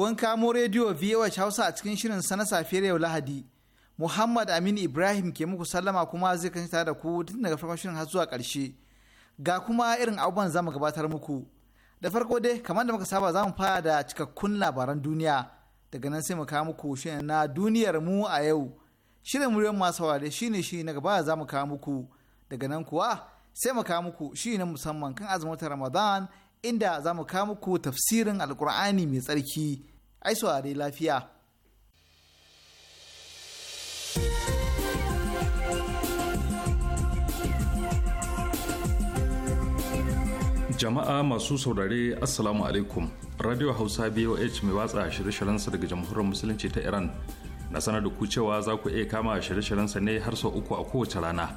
kun kamo rediyo VOH Hausa a cikin shirin sana safiyar yau Lahadi. Muhammad Amin Ibrahim ke muku sallama kuma zai kanci tare da ku tun daga farkon shirin har zuwa ƙarshe. Ga kuma irin abubuwan za mu gabatar muku. Da farko dai kamar da muka saba za mu fara da cikakkun labaran duniya. Daga nan sai mu kawo muku shirin na duniyar mu a yau. Shirin muryar masu saurare shine shi na gaba za mu kawo muku. Daga nan kuwa sai mu kawo muku shi na musamman kan azumin Ramadan inda za mu kawo muku tafsirin Alkur'ani mai tsarki. ai saurari lafiya. jama'a masu saurare assalamu alaikum radio hausa boh mai watsa shirye shiryen sa daga jamhuriyar musulunci ta iran na sanar da ku cewa za ku iya kama shirye shiryen sa ne har sau uku a kowace rana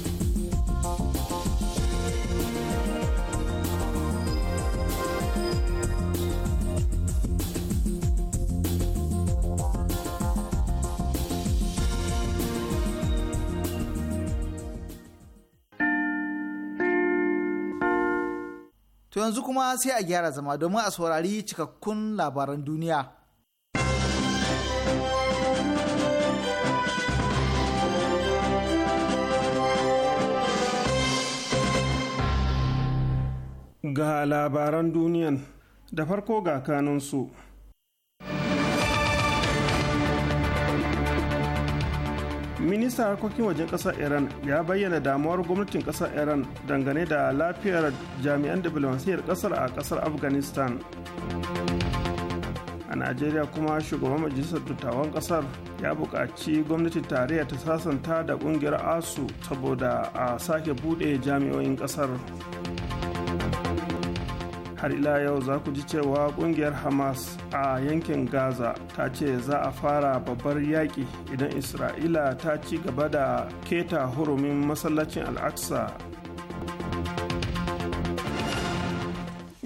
yanzu kuma sai a gyara zama domin a saurari cikakkun labaran duniya. Ga labaran duniyan da farko ga kanunsu. ministan harkokin wajen kasar iran ya bayyana damuwar gwamnatin kasar iran dangane da lafiyar jami'an diflomasiyyar kasar a kasar afghanistan a najeriya kuma shugaban majalisar dattawan kasar ya buƙaci gwamnatin tarayya ta sasanta da ƙungiyar asu saboda a sake buɗe jami'o'in kasar. har ila yau za ku ji cewa kungiyar hamas a yankin gaza ta ce za a fara babbar yaƙi idan isra'ila ta ci gaba da keta hurumin masallacin al'aqsa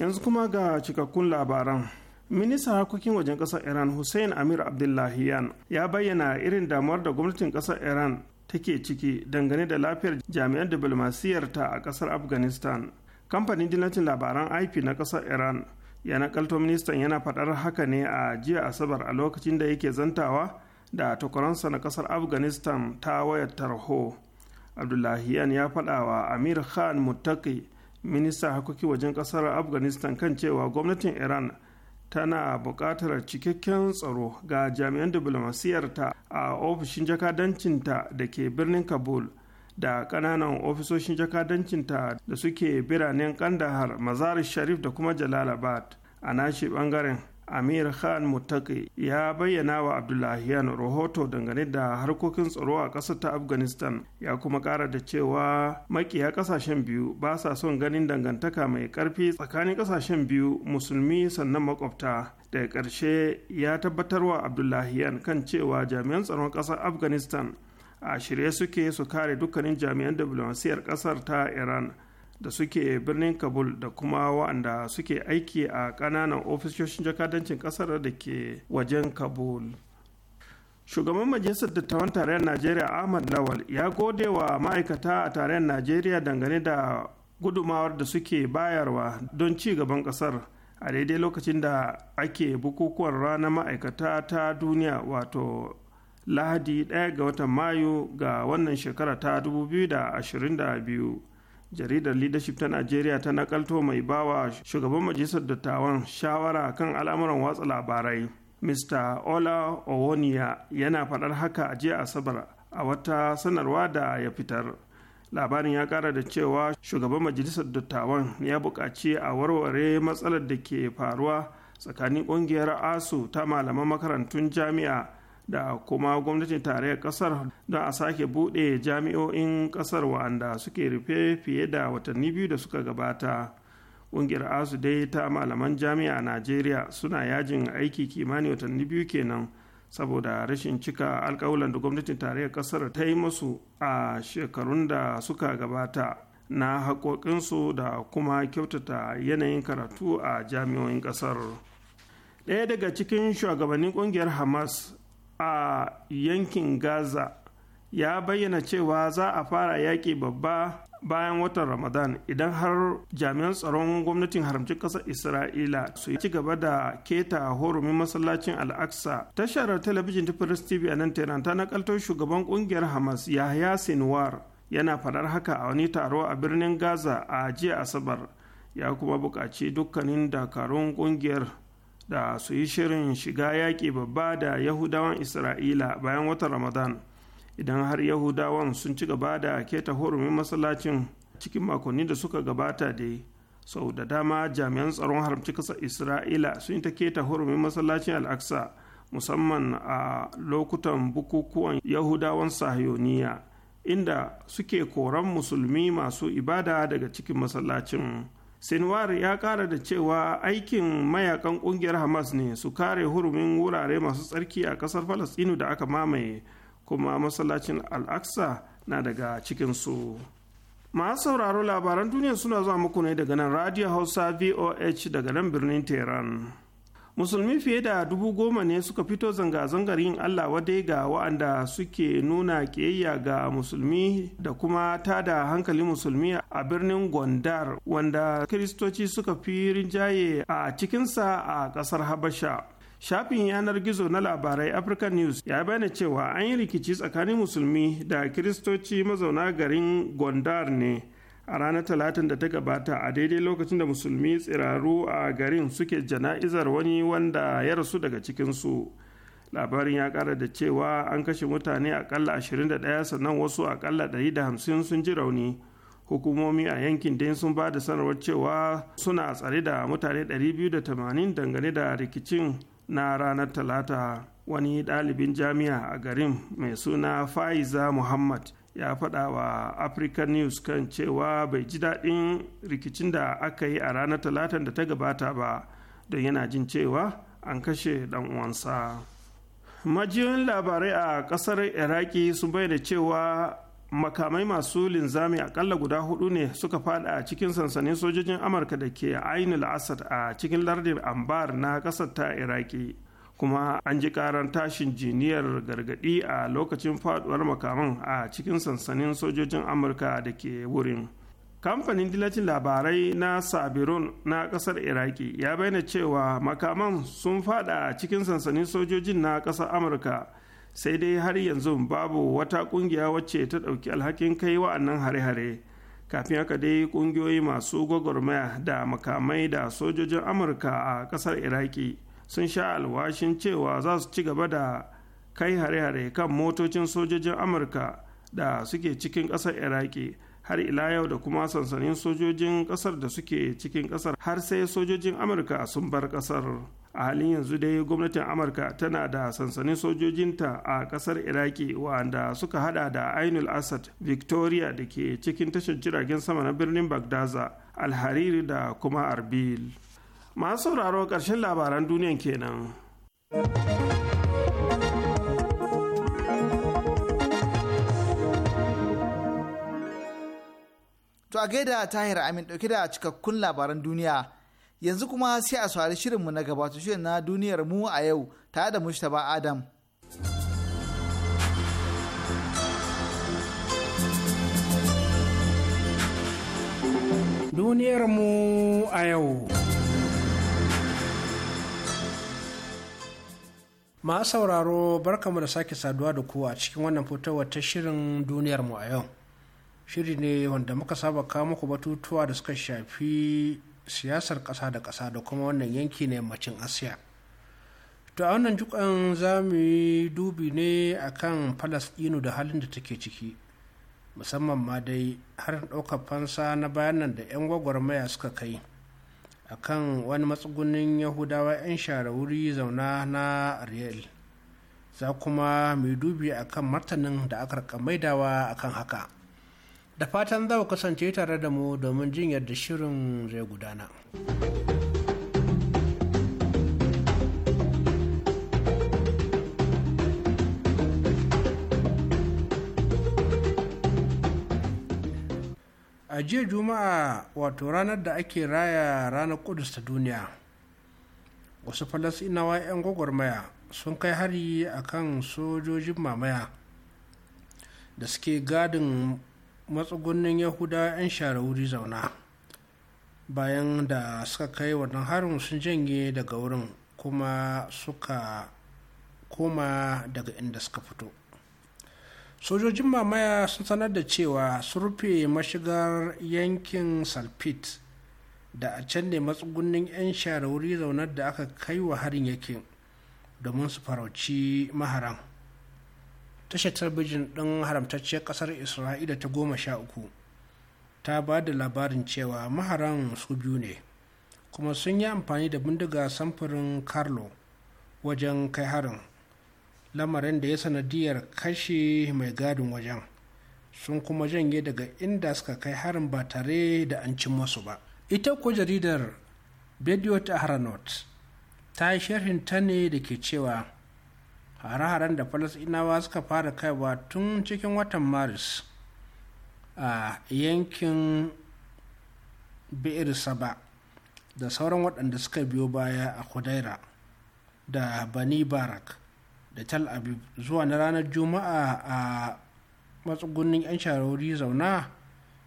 yanzu kuma ga cikakkun labaran ministan harkokin wajen ƙasar iran hussein amir abdullahiyan ya bayyana irin damuwar da gwamnatin ƙasar iran take ciki dangane da lafiyar jami'an diplomasiyarta a ƙasar afghanistan kamfanin dillancin labaran ip na kasar iran ya nakalto ministan yana fadar haka ne a jiya asabar a lokacin da yake zantawa da tukuransa na kasar afghanistan ta wayar tarho abdullahi abdullahiyan ya fada wa amir khan muttaki ministan hakoki wajen kasar afghanistan kan cewa gwamnatin iran tana buƙatar cikakken tsaro ga jami'an diplomasiyarta a ofishin jakadancinta da ke birnin kabul da ƙananan ofisoshin jakadancinta da suke biranen kandahar mazar sharif da kuma jalalabad a nashi bangaren amir khan mutaki ya bayyana wa abdullahiyan rahoto dangane da harkokin tsaro a ƙasar ta afghanistan ya kuma ƙara da cewa makiya ƙasashen biyu ba sa son ganin dangantaka mai ƙarfi tsakanin ƙasashen biyu musulmi sannan makwabta daga ƙarshe ya tabbatar wa abdullahian kan cewa jami'an tsaron ƙasar afghanistan a shirye suke su kare dukkanin jami'an diplomasiyar kasar ta iran da suke birnin kabul da kuma wa'anda suke aiki a ƙananan ofisoshin jakadancin kasar da ke wajen kabul shugaban majalisar dattawan tarayyar najeriya ahmad lawal ya gode wa ma'aikata a tarayyar najeriya dangane da gudumawar da suke bayarwa don ci gaban kasar a daidai lokacin da ake bukukuwan ranar ma'aikata ta duniya wato lahadi 1 ga watan mayu ga wannan shekara ta 2022 jaridar leadership ta najeriya ta nakalto mai bawa shugaban majalisar dattawan shawara kan al'amuran watsa labarai mr ola owoniya yana faɗar haka a jiya asabar a wata sanarwa da ya fitar labarin ya kara da cewa shugaban majalisar dattawan ya buƙaci a warware matsalar da ke faruwa tsakanin ƙungiyar asu ta malaman makarantun jami'a da kuma gwamnatin tarayyar kasar don a sake bude jami'o'in kasar wa'anda suke rufe fiye da watanni biyu da suka gabata ƙungiyar asu dai ta malaman jami'a a najeriya suna yajin aiki kimanin watanni biyu kenan saboda rashin cika alkawalan da gwamnatin tarayyar kasar ta yi masu a shekarun da suka gabata na haƙoƙinsu da kuma kyautata yanayin karatu a jami'o'in ƙasar ɗaya daga cikin shugabannin ƙungiyar hamas a yankin gaza ya bayyana cewa za a fara yaƙi babba bayan watan ramadan idan har jami'an tsaron gwamnatin haramcin ƙasar isra'ila su ci gaba da keta horumin masallacin al'aqsa tashar talabijin ta firis tv a nan tehran ta nakaltar shugaban ƙungiyar hamas yahya sinwar yana faɗar haka a wani taro a birnin gaza a jiya asabar ya kuma buƙaci dukkanin dakarun ƙungiyar da su yi shirin shiga yaƙi babba da yahudawan isra'ila bayan watan ramadan idan har yahudawan sun ci gaba da keta horumin masallacin cikin makonni da suka gabata da sau da dama jami'an tsaron haramci kasa isra'ila sun yi ta keta horumin masallacin al'aksa musamman a lokutan bukukuwan yahudawan sahiyoniya inda suke koran musulmi masu ibada daga cikin masallacin sinwar ya kara da cewa aikin mayakan kungiyar hamas ne su kare hurumin wurare masu tsarki a kasar falastinu da aka mamaye kuma masallacin al-aqsa na daga cikinsu masu sauraro labaran duniya suna zuwa muku ne daga nan radio hausa voh daga nan birnin tehran musulmi fiye da dubu goma ne suka fito zanga-zangar yin allah wadai ga wa'anda suke nuna ƙiyayya ga musulmi da kuma ta da hankali musulmi a birnin gondar wanda kiristoci suka fi rinjaye a cikinsa a ƙasar habasha shafin yanar gizo na labarai african news ya bayyana cewa an yi rikici tsakanin musulmi da kiristoci mazauna garin gondar ne a ranar talatin da ta gabata a daidai lokacin da musulmi tsiraru a garin suke jana'izar wani wanda ya rasu daga cikinsu labarin ya kara da cewa an kashe mutane akalla 21 sannan wasu akalla 150 sun ji rauni hukumomi a yankin dai sun ba da sanarwar cewa suna tsare da mutane 280 dangane da rikicin na ranar talata wani ɗalibin jami'a a garin mai suna faiza muhammad ya faɗa wa african news kan cewa bai ji daɗin rikicin da aka yi a ranar talatin da ta gabata ba don yana jin cewa an kashe ɗan uwansa majiyoyin labarai a ƙasar iraki sun bayyana cewa makamai masu linzami akalla guda hudu ne suka fada a cikin sansanin sojojin amurka da ke ainul asad a cikin lardin ambar na ƙasar ta iraki kuma an ji karar tashin jiniyar gargadi a lokacin faduwar makaman a cikin sansanin sojojin amurka da ke wurin kamfanin dilacin labarai na sabirun na kasar iraki ya bayyana cewa makaman sun fada a cikin sansanin sojojin na kasar amurka sai dai har yanzu babu wata kungiya wacce ta ɗauki alhakin kai wa'annan hare-hare kafin haka dai kungiyoyi masu gwagwarmaya da makamai da sojojin amurka a kasar iraki sun sha alwashin cewa za su ci gaba da kai hare-hare kan motocin sojojin amurka da suke cikin ƙasar iraki har ila yau da kuma sansanin sojojin ƙasar da suke cikin ƙasar har sai sojojin amurka sun bar ƙasar a halin yanzu dai gwamnatin amurka tana da sansanin sojojinta a ƙasar iraki wanda suka hada da ainul asad victoria da ke cikin tashar jiragen sama na birnin bagdaza alhariri da kuma arbil masu sauraro ƙarshen labaran duniyan kenan. To a gaida tahir amin ɗauke da cikakkun labaran duniya yanzu kuma sai a saurari shirinmu na gabata shirin na duniyar mu a yau tare da mushtaba adam. mu a yau. ma sauraro barkamu da sake saduwa da kowa a cikin wannan fitowar ta shirin duniyar mu a yau shiri ne wanda muka saba kawo muku batutuwa da suka shafi siyasar kasa da kasa da kuma wannan yanki na yammacin asiya to a wannan jukan za mu yi dubi ne akan falasɗinu da halin da take ciki musamman ma dai har ɗaukar fansa na bayanan da 'yan gwagwarmaya suka kai a kan wani matsugunin yahudawa 'yan share wuri zauna na ariel za kuma mai dubi a kan martanin da aka rika maidawa a kan haka da fatan za ku kasance tare da mu domin jin yadda shirin zai gudana. a jiya juma'a wato ranar da ake raya ranar kudus ta duniya wasu falasinawa 'yan gwagwarmaya sun kai hari a kan sojojin mamaya da suke gadin matsugunin yahuda 'yan share wuri zauna bayan da suka kai wannan harin sun janye daga wurin kuma suka koma daga inda suka fito sojojin mamaya sun sanar da cewa sun rufe mashigar yankin salpit da a can ne matsugunnin 'yan share zaunar da aka kai wa harin yake domin su farauci maharan tashar talbijin ɗin haramtacciyar ƙasar isra'ila ta goma sha uku ta ba da labarin cewa maharan su biyu ne kuma sun yi amfani da bindiga samfurin carlo wajen kai harin lamarin da ya sanadiyar kashe mai gadin wajen sun kuma janye daga inda suka kai harin ba tare da an cin masu ba ita ko jaridar bediyo ta ta yi sharhin ta ne da ke cewa hare-haren da falasinawa suka fara kaiwa tun cikin watan maris a yankin bi'ir saba da sauran waɗanda suka biyo baya a kudaira da bani barak da tel aviv zuwa na ranar juma'a a matsugunin 'yan sharori zauna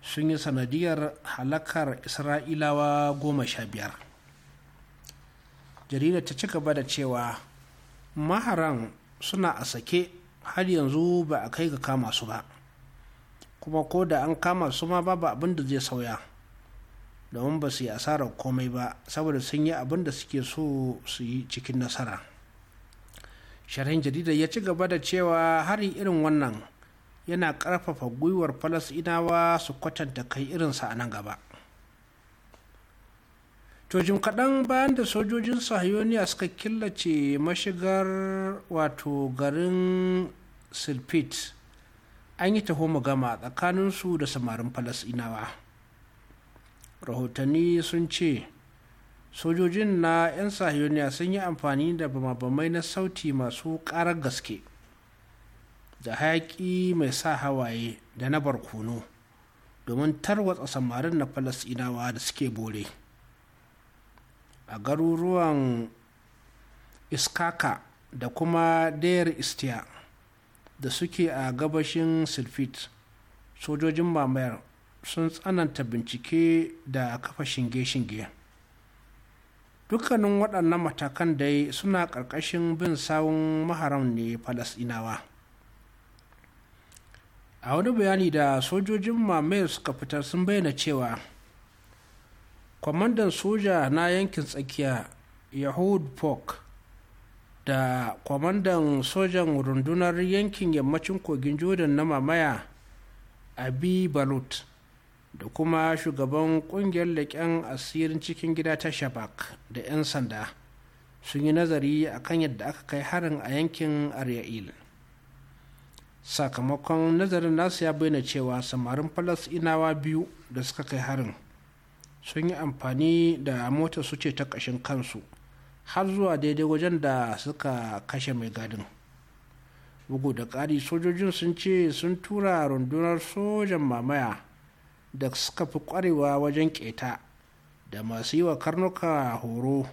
sun yi sanadiyar halakar isra'ilawa goma sha biyar jarida ta ci gaba da cewa maharan suna a sake har yanzu ba a kai ga kama su ba kuma ko da an kama su ma babu abin da zai sauya domin ba su yi asarar komai ba saboda sun yi abin da suke so su yi cikin nasara sharhin jaridar ya ci gaba da cewa hari irin wannan yana ƙarfafa gwiwar falasinawa su kwatanta kai irinsa a nan gaba to jim kaɗan bayan da sojojin sahiyoniya suka killace mashigar wato garin silpit an yi taho gama tsakaninsu da samarin falasinawa rahotanni sun ce sojojin na 'yan sahiyoniya sun yi amfani da bamabamai na sauti masu ƙarar gaske da hayaki mai sa hawaye da na barkono domin tarwatsa samarin na falasinawa da suke bore a garuruwan iskaka da kuma dayar istiya da suke a gabashin silfit sojojin mamayar sun tsananta bincike da kafa shinge-shinge dukkanin waɗannan matakan dai suna ƙarƙashin bin sawun maharam ne falasɗinawa a wani bayani da sojojin mamayar suka fitar sun bayyana cewa kwamandan soja na yankin tsakiya yahud pok da kwamandan sojan rundunar yankin yammacin kogin jordan na mamaya abi balut da kuma shugaban kungiyar leƙen asirin cikin gida ta shabak da 'yan sanda sun yi nazari a kan yadda aka kai harin a yankin arya'il sakamakon nazarin nasu ya bayyana cewa samarin falasinawa biyu da suka kai harin sun yi amfani da motar su ce ta ƙashin kansu har zuwa daidai wajen da suka kashe mai gadin bugu da ƙari sojojin sun ce sun tura rundunar sojan mamaya da suka fi ƙwarewa wajen ƙeta da masu yi wa karnuka horo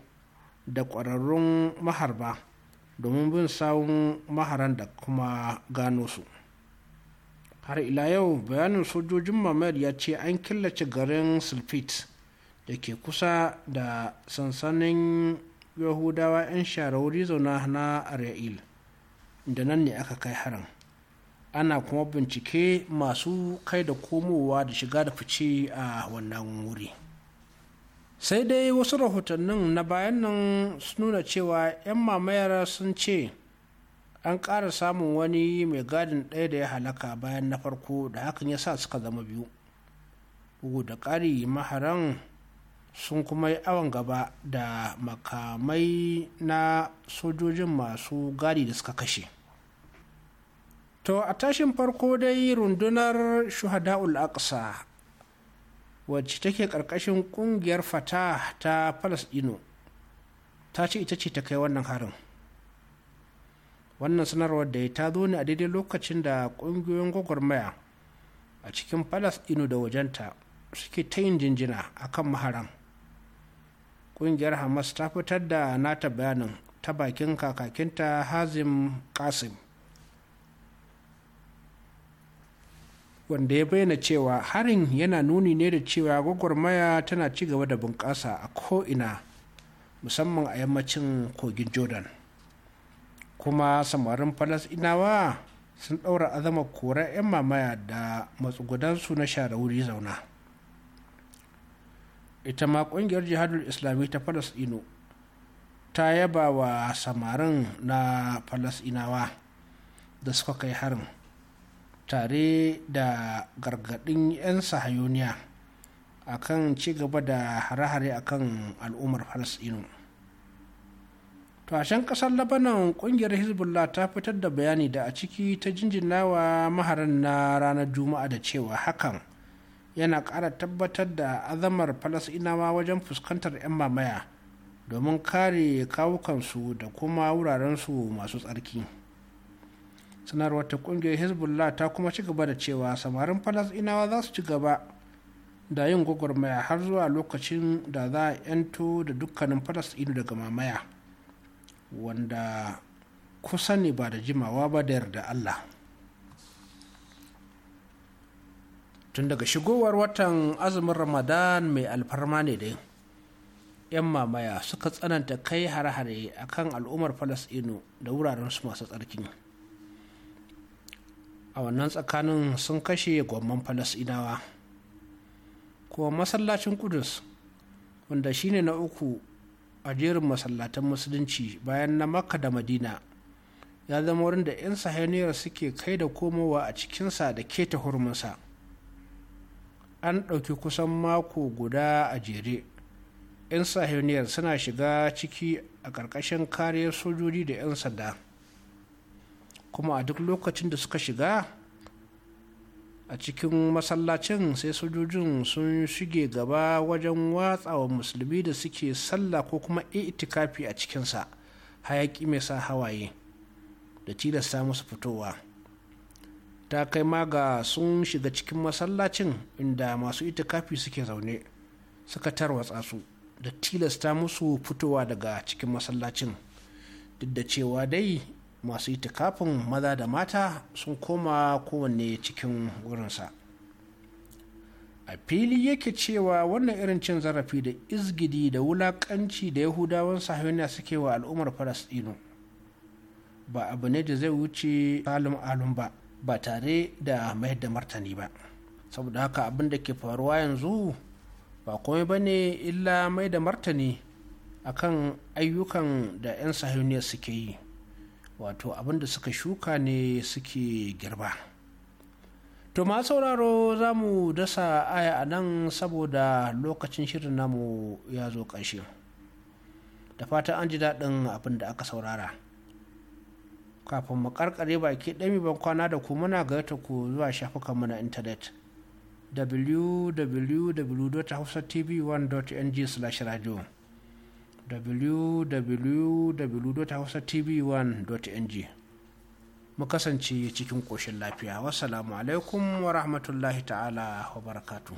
da ƙwararrun maharba domin bin sawun maharan da kuma gano su har ila yau bayanin sojojin mamayar ya ce an killace garin sulfit da ke kusa da sansanin yahudawa 'yan shara wuri zauna na arya'il da nan ne aka kai harin ana kuma bincike masu kai da komowa da shiga da fice a wannan wuri sai dai wasu rahotannin na bayan nan sun nuna cewa 'yan mamayar sun ce an ƙara samun wani mai gadin ɗaya da ya halaka bayan na farko da hakan ya sa suka zama biyu bugu da ƙari maharan sun kuma yi awon gaba da makamai na sojojin masu gadi da suka kashe to a tashin farko dai rundunar shuhada'ul aqsa wacce take ƙarƙashin ƙungiyar fata ta palestino ta ce ita ce ta kai wannan harin wannan sanarwar da ta zo ne a daidai lokacin da ƙungiyoyin gwagwarmaya a cikin palestino da wajenta suke ta yin jinjina a kan maharan ƙungiyar hamas ta fitar da nata bayanin ta bakin kakakinta hazim kasim wanda ya bayyana cewa harin yana nuni ne da cewa gwagwarmaya tana ci gaba da bunƙasa a ko'ina musamman a yammacin kogin jordan kuma samarin falasinawa sun ɗaura azama kora 'yan mamaya da matsugudansu na share wuri zauna ita ma ƙungiyar jihadul islami ta falasino ta yaba wa samarin na falasinawa da suka kai harin tare da gargaɗin 'yan sahayoniya akan ci gaba da hare-hare a kan al'ummar falasɗinu tashen ƙasar labanan ƙungiyar hezbollah ta fitar da bayani da a ciki ta jinjinawa maharan na ranar juma'a da cewa hakan yana ƙara tabbatar da azamar falasɗinawa wajen fuskantar 'yan mamaya domin kare kawukansu da kuma wurarensu masu tsarki. sanarwar ta kungiyar hezbollah ta kuma ci gaba da cewa samarin falasɗinawa za su ci gaba da yin gwagwarmaya har zuwa lokacin da za a 'yanto da dukkanin falasɗinu daga mamaya wanda kusa ne ba da jimawa ba da yarda allah tun daga shigowar watan azumin ramadan mai alfarma ne dai 'yan mamaya suka tsananta kai hare-hare kan al'ummar falasɗinu da wuraren su masu tsarki a wannan tsakanin sun kashe gwamman falasinawa kuma masallacin kudus wanda shine na uku a jerin masallatan musulunci bayan na makka da madina ya zama wurin da 'yan sahaniyar suke kai da komowa a cikinsa da ke ta hurminsa an ɗauki kusan mako guda a jere 'yan sahaniyar suna shiga ciki a ƙarƙashin kariyar sojoji da 'yan sanda kuma a duk lokacin da suka shiga a cikin masallacin sai sojojin sun shige gaba wajen watsawa musulmi da suke sallah ko kuma itikafi a cikinsa hayaki mai sa hawaye da tilasta musu fitowa ta kai ma ga sun shiga cikin masallacin inda masu itikafi suke zaune suka tarwatsa su da tilasta musu fitowa daga cikin masallacin duk da cewa dai masu itikafin maza da mata sun koma kowanne cikin wurinsa a fili yake cewa wannan irin cin zarafi da izgidi da wulakanci da yahudawan sahiyoniya suke wa al'ummar falasdino ba abu ne da zai wuce halin alun ba ba tare da mayar da martani ba saboda haka abin da ke faruwa yanzu ba komai ba ne illa mai da martani akan ayyukan da 'yan sahiyoniya suke yi wato abin da suka shuka ne suke girba to ma sauraro za mu dasa aya a nan saboda lokacin shirin namu ya zo ƙarshe da fatan an ji daɗin abin da aka saurara kafin mu karkare baki ɗami ban kwana da ku muna gayyata ku zuwa shafukanmu na intanet www.hausatv1.ng/radio www.hausatv1.ng mu kasance cikin koshin lafiya wasalamu alaikum wa rahmatullahi ta'ala wa barakatu.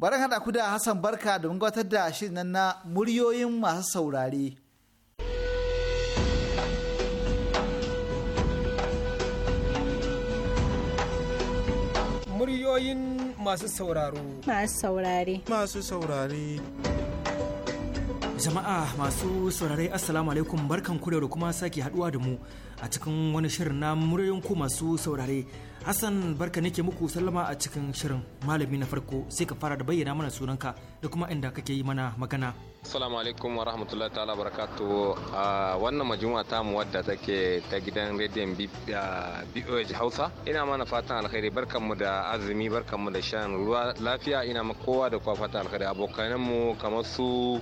Barin haɗa ku da Hassan Barka da gabatar da shirin na muryoyin masu saurare. Muryoyin masu sauraro. Masu saurare. Masu saurare. Jama'a masu saurare Assalamu alaikum barkan ku da kuma sake haduwa da mu a cikin wani shirin na muryoyin masu saurare. Hassan barka nake muku sallama a cikin shirin malami na farko sai ka fara da bayyana mana sunanka da kuma inda kake yi mana magana. Assalamu alaikum wa rahmatullahi ta'ala barakatu a wannan majuma ta mu wadda take ta gidan rediyon BOH Hausa ina mana fatan alkhairi barkanmu da azumi barkanmu da shan ruwa lafiya ina ma kowa da kowa fatan alkhairi abokanan mu kamar su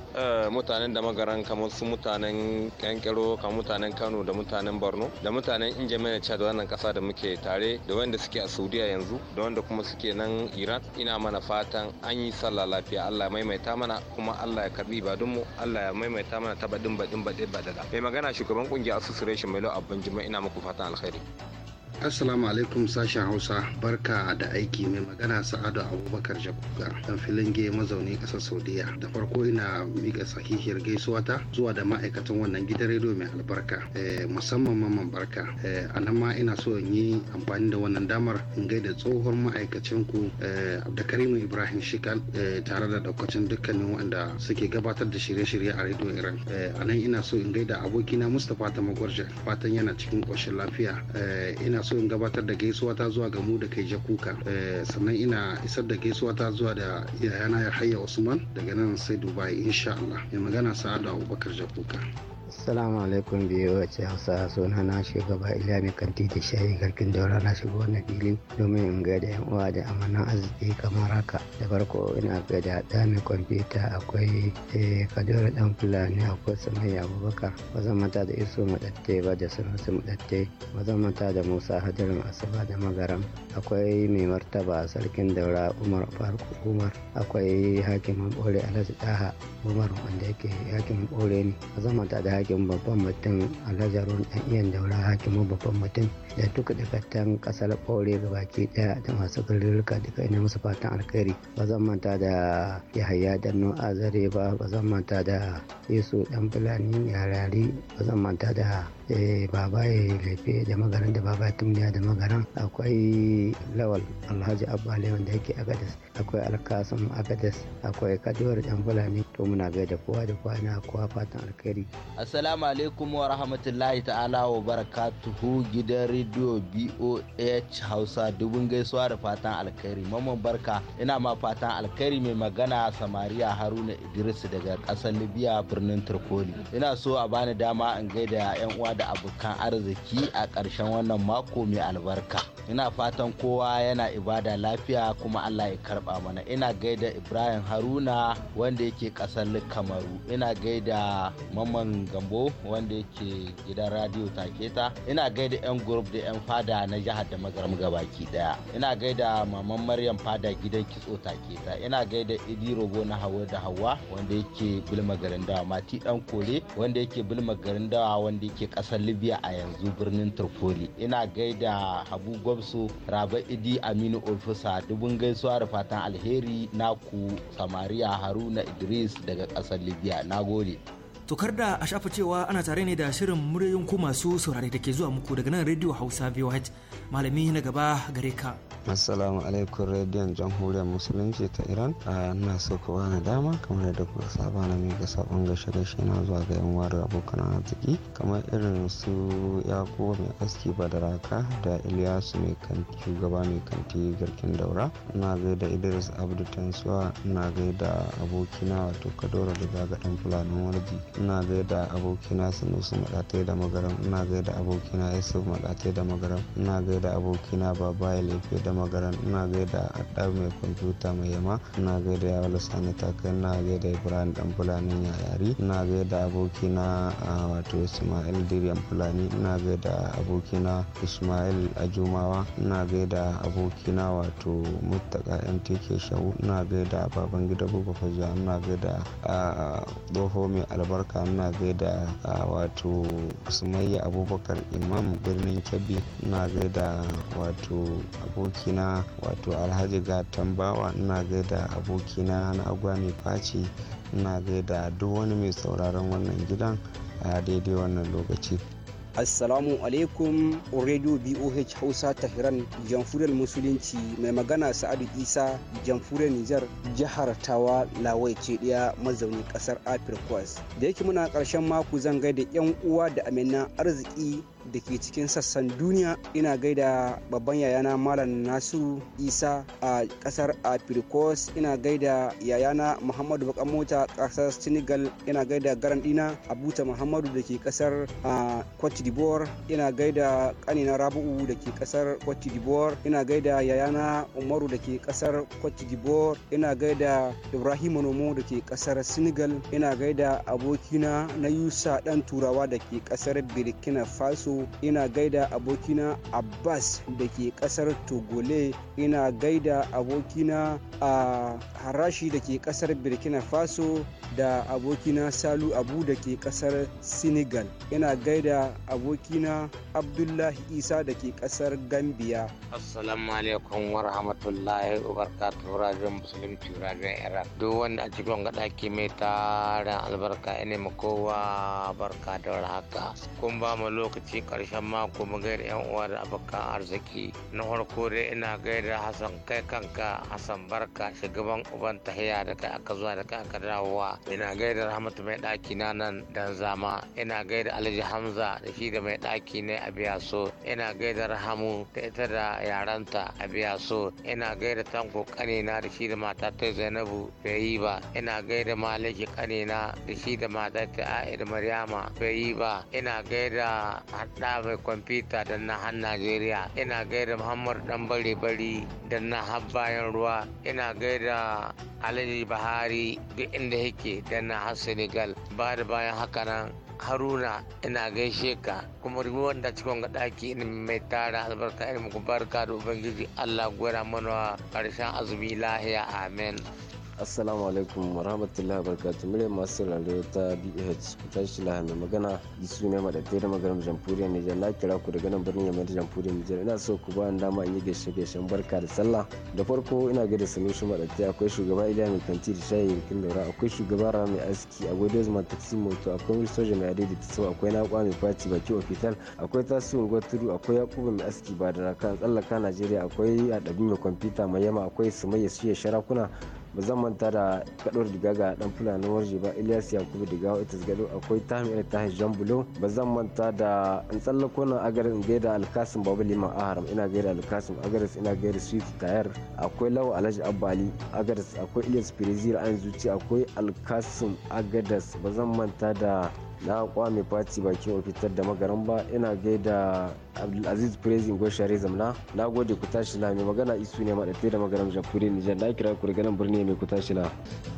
mutanen da magaran kamar su mutanen kankero kamar mutanen Kano da mutanen Borno da mutanen Injamena Chad wannan kasa da muke tare da wanda suke a Saudiya yanzu da wanda kuma suke nan Iran ina mana fatan an yi sallah lafiya Allah maimaita mana kuma Allah ya karbi ibadun mu Allah ya maimaita mana ta badin badin badada mai magana shugaban kungiyar association lo Abban jima'i ina muku fatan alkhairi Assalamu alaikum sashen Hausa barka da aiki mai magana Sa'adu Abubakar Jakuga dan filin ge mazauni kasar Saudiya. Da farko ina mika sahihiyar gaisuwa ta zuwa da ma'aikatan wannan gidan rediyo mai albarka eh, musamman mamman barka. Eh, a nan ma ina so in yi amfani da wannan damar in gaida tsohon ma'aikacin ku eh, Abdulkarim Ibrahim Shikal tare da daukacin dukkanin wanda suke gabatar da shirye-shirye a rediyo Iran. A nan ina so in gaida abokina Mustapha Tamagwarja fatan yana cikin ƙoshin lafiya. Ina so in gabatar da gaisuwa ta zuwa ga mu da kai jakuka eh, sannan ina isar da gaisuwa ta zuwa da yayana ya hayya usman daga nan sai dubai insha Allah mai magana sa'adu abubakar jakuka Assalamu alaikum biyu wace Hausa suna na shugaba ila mai kanti da shayi garkin daura na shigo na fili domin in ga da uwa da amana arziki kamar haka. Da farko ina ga da ɗa mai kwamfuta akwai eh, Kadura dan Fulani akwai Samai Abubakar Wazan mata da Isu Madatte ba da Sanusi Madatte Wazan mata da Musa hadarin Asaba da Magaram akwai mai martaba sarkin daura Umar Farko Umar akwai hakimin Bore Alhaji Daha Umar wanda yake hakimin Bore ne Wazan mata da hakimin Tun babban mutum a nazarin ɗan iyan daura hakimin babban mutum da duka tan ƙasar ɓaure baki ɗaya da masu garurruka duka ina musu fatan alkhairi ba zan manta da Yahaya a Azare ba ba zan manta da Yesu ɗan Fulani Yarari ba zan manta da Eh, baba ya laife da magaran da baba tumniya da magaran akwai lawal alhaji abba lewan da yake agadas akwai alkasim agadas akwai kaduwar dan fulani to muna da kowa da kowa na kowa fatan alkhairi assalamu alaikum wa rahmatullahi ta'ala wa barakatuhu gidan rediyo boh hausa dubun gaisuwa da fatan alkhairi mamman barka ina ma fatan alkhairi mai magana samariya haruna idris daga kasar libya birnin turkoli ina so a bani dama in gaida yan uwa da abokan arziki a ƙarshen wannan mako mai albarka ina fatan kowa yana ibada lafiya kuma allah ya karba mana ina gaida ibrahim haruna wanda yake ƙasar kamaru ina gaida mamman gambo wanda yake gidan radio taketa ina gaida yan group da yan fada na jihar da magaram gabaki daya ina gaida maman maryam fada gidan kitso taketa ina gaida idi rogo na hawa da hawa wanda yake bilma garin dawa mati dan kore wanda yake bilma garin dawa wanda yake ƙasar ƙasar libya a yanzu birnin tripoli ina gaida habu gwamso raba idi aminu ofisa dubun gaisuwa da fatan alheri naku samariya haruna idris daga ƙasar libya na gode tokar da a shafa cewa ana tare ne da shirin muryoyin ku masu saurare da ke zuwa muku daga nan radio hausa voh malami na gaba gare ka assalamu alaikum rediyon jamhuriyar musulunci ta iran a na so ku bani dama kamar yadda kuka saba na miƙa sabon gashe gashe na zuwa ga yan wari abokan arziki kamar irin su yakubu mai aski badaraka da iliyasu mai kanti shugaba mai kanti garkin daura ina gaida idris abdu tansuwa ina gaida abokina wato kadoro da daga dan fulani warji ina gaida abokina sanusi madatai da magaram ina gaida abokina yusuf madatai da magaram ina gaida abokina Babayi, lefe da magaran ina gaida adda mai kwamfuta mai yama ina gaida yawon sani takai ina gaida ibrahim dan fulani yari. ina gaida abokina wato ismail diriyan fulani ina gaida abokina ismail ajumawa ina gaida abokina wato muttaka mtk shawu ina gaida baban gida buga fajiya ina gaida tsoho mai albarka ina gaida wato sumayya abubakar imam birnin kebbi ina gaida wato abokin abokina wato alhaji ga tambawa ina gaida abokina na agwa mai faci ina gaida duk wani mai sauraron wannan gidan a daidai wannan lokaci Assalamu alaikum Radio BOH Hausa Tahiran jamfuriyar Musulunci mai magana Sa'adu Isa jamfuriyar Nijar jihar Tawa Lawai ce ɗaya mazauni ƙasar afirka Da yake muna ƙarshen mako zan gaida 'yan uwa da amina arziki da ke cikin sassan duniya ina gaida babban yayana malam nasiru isa a kasar afirkos ina gaida yayana muhammadu bakan mota kasar senegal ina gaida garan dina abuta muhammadu da ke kasar cote d'ivoire ina gaida kanina rabu'u da ke kasar cote d'ivoire ina gaida yayana umaru da ke kasar cote d'ivoire ina gaida ibrahim nomo da ke kasar senegal ina gaida abokina na yusa dan turawa da ke kasar burkina faso ina gaida abokina Abbas da ke kasar Togole ina gaida abokina a Harashi da ke kasar Burkina Faso da abokina Salu Abu da ke kasar Senegal ina gaida abokina Abdullahi Isa da ke kasar Gambia. Assalamu alaikum wa rahmatullahi wa barakatuhu rajin musulunci rajin Iran. Duk wanda a cikin gada ke mai tarin albarka ina kowa barka da warhaka. Kun ba mu lokaci karshen mako mu gaida yan uwa da abokan arziki na farko dai ina gaida hassan kai kanka hassan barka shugaban uban tahiya da kai aka zuwa da kai aka dawowa ina gaida rahmatu mai ɗaki na nan dan zama ina gaida alhaji hamza da shi da mai ɗaki ne a biya so ina gaida rahamu da ita da yaranta a biya so ina gaida tanko kanina da shi da mata ta zainabu bai yi ba ina gaida maliki kanina da shi da mata ta aida maryama bai yi ba ina gaida da kwamfuta da na har najeriya ina gaida muhammad dan bari bari da na har bayan ruwa ina gaida alhaji bahari duk inda yake da na har senegal ba da bayan haka nan haruna ina gaishe ka kuma ruwan wanda cikin ga ɗaki mai tara albarka irin muku barka da ubangiji allah gwada mana karshen azumi lahiya amen assalamu alaikum wa rahmatullahi barkatu murya masu sauraro ta bh tashi laha mai magana su ne madaddai da maganar jamhuriyar nijar na kira ku daga nan birnin yamma da jamhuriyar nijar ina so ku ba ni dama in yi gaishe gaishen barka da sallah da farko ina gaida shi madaddai akwai shugaba iliya mai kanti da shayi yankin daura akwai shugaba rama mai aski a dozu ma taxi moto akwai wani soja mai adai da tsawo akwai na mai faci baki ofital akwai tasirin gwaturu akwai yakubu mai aski ba da raka tsallaka najeriya akwai ɗabi mai kwamfuta mai yama akwai sumayya suya sharakuna ba zan manta da kador diga ga dan fulani warje ba ilyas yakubu diga wa itas gado akwai tahmi da tahi jan bulo ba zan manta da in tsallako nan agarin in gaida alkasim babu liman aharam ina gaida alkasim agaris ina gaida swift tayar akwai lawa alhaji abbali agaris akwai ilyas firizir an zuci akwai alkasim agadas ba zan manta da na kwame party bakin fitar da magaran ba ina gaida abdulaziz prezi goshare zamna na gode ku tashi na mai magana isu ne madafe da magaran jamhuriyar nijar na kira ku daga nan birni mai ku tashi na.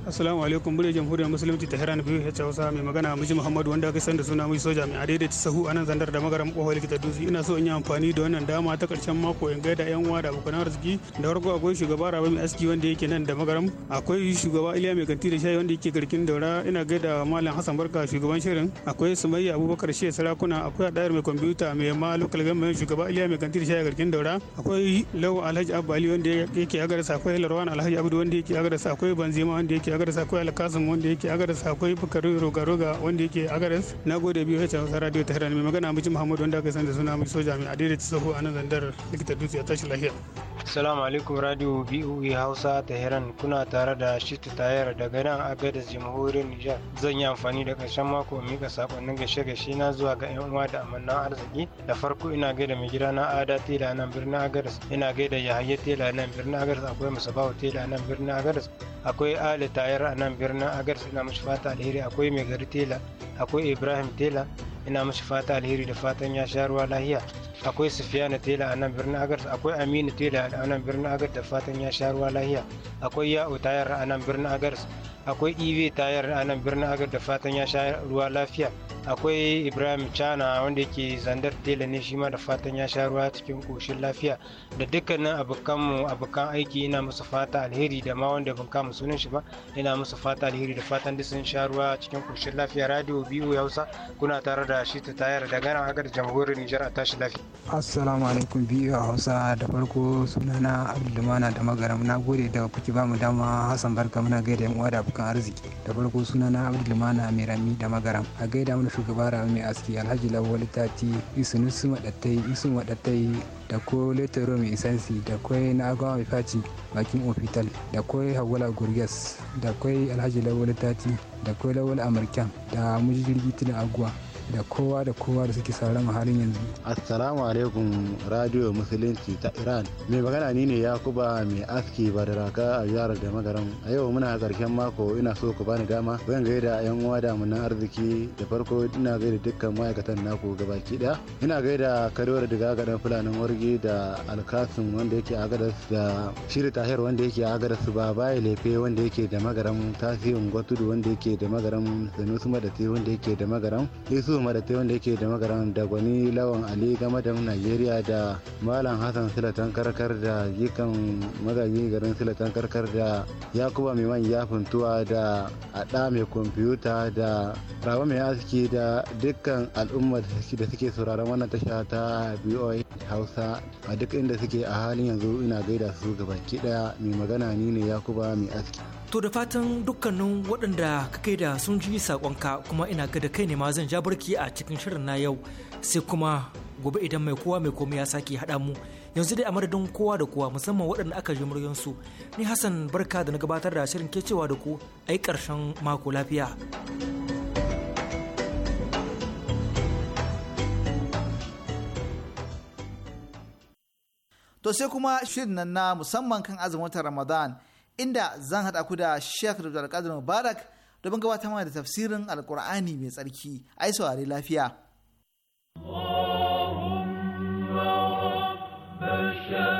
assalamu alaikum birnin jamhuriyar musulunci ta hera na biyu ya hausa mai magana miji muhammadu wanda aka san da suna mai soja mai adai da sahu anan zandar da magaran kohon likita dutse ina so in yi amfani da wannan dama ta karshen mako in gaida yan uwa da abokan arziki da farko akwai shugaba rabe mai aski wanda yake nan da magaram akwai shugaba iliya mai kanti da shayi wanda yake garkin daura ina gaida malam hassan barka shugaban shirin akwai sumayya abubakar shi sarakuna akwai adayar mai kwamfuta mai ma lokal gamayen shugaba iliya mai kantir shaya garkin daura akwai lau alhaji abba wanda yake agarsa akwai larwan alhaji abdu wanda yake agarsa akwai banzima wanda yake agarsa akwai alkasim wanda yake agarsa akwai bukari roga-roga wanda yake agaras na gode biyu hacin hausa radio ta mai magana miji muhammadu wanda aka san da suna mai soja mai adai da tsoho a nan zandar likita dutse a tashi lahiya Assalamu alaikum Radio BOE Hausa Tehran kuna tare da Shitu Tayar daga nan Agadez Jamhuriyar Nijar. Zan yi amfani da karshen mako mai ga sakonnin gaishe gaishe na zuwa ga yan uwa da amannan arziki da farko ina gaida mai gida na ada tela nan birnin agaris ina gaida yahaya tela nan birnin agaris akwai musabawa tela nan birnin agaris akwai ali tayar a nan birnin agaris ina mashi fata alheri akwai mai gari tela akwai ibrahim tela ina mashi fata alheri da fatan ya sha ruwa lahiya akwai sufiyana tela a nan birnin agar akwai aminu tela a nan birnin agar da fatan ya sha ruwa lahiya akwai ya'u tayar a nan birnin agar akwai ibe tayar a nan birnin agar da fatan ya sha ruwa lafiya akwai ibrahim chana wanda yake zandar tela ne shi ma da fatan ya sha ruwa cikin koshin lafiya da dukkanin abokanmu abokan aiki ina musu fata alheri da ma wanda ban kama sunan shi ba ina musu fata alheri da fatan duk sun sha ruwa cikin koshin lafiya radio biyu hausa kuna tare da shi ta tayar da gana agar jamhuriyar nijar a tashi lafiya assalamu alaikum biyu hausa da farko sunana abdulmana da magaram na gode da kuke ba mu dama hassan barka muna gaida yan uwa da abokan arziki da farko sunana abdulmana mai rami da magaram a gaida mu shugaba mai aski alhaji lawal tati su madatai isu madatai da ko letaro mai isansi da kwai na agwa mai faci bakin ofital da kwai hawala gurgas da kwai alhaji lawal tati da kwai lawal amurkan da mujirgi tuna aguwa da kowa da kowa da suke sauran halin yanzu. Assalamu alaikum Radio Musulunci ta Iran. Mai magana ni ne Yakuba mai aski ba da raka a jihar da magaran A yau muna ƙarshen mako ina so ku bani dama zan gaida yan uwa da mun arziki da farko ina gaida dukkan ma'aikatan naku gabaki daya. Ina gaida Kadore diga gadan Fulanin Wargi da Alkasim wanda yake a gadas da Shiri Tahir wanda yake a gadas Babaye Lefe wanda yake da magaran Tasirin Gwatudu wanda yake da magaran Sanusi Madate wanda yake da magaran. Yesu isu madatai wanda yake da magaran da gwani lawan ali game da najeriya da malam hassan silatan karkar da jikan magajin garin silatan karkar da yakuba mai man yafintuwa da ada mai kwamfuta da rawa mai aski da dukkan al'ummar da suke sauraron wannan tasha ta BOI hausa a duk inda suke a halin yanzu ina gaida su gabaki daya mai magana ni ne yakuba mai aski To da fatan dukkanin waɗanda kake da sun ji saƙonka kuma ina ga da kai ne ma zan ja barki a cikin shirin na yau sai kuma gobe idan mai kowa mai komai ya sake haɗa mu yanzu dai a madadin kowa da kowa musamman waɗanda aka ji muryansu ni Hassan barka da na gabatar da shirin ke cewa da ku a yi ƙarshen mako lafiya. To sai kuma shirin nan na musamman kan azumin Ramadan inda zan haɗa ku da Sheikh Dr. Qadir Mubarak domin gabata mana da tafsirin Alƙur'ani mai tsarki. Ai saurari lafiya. Allahumma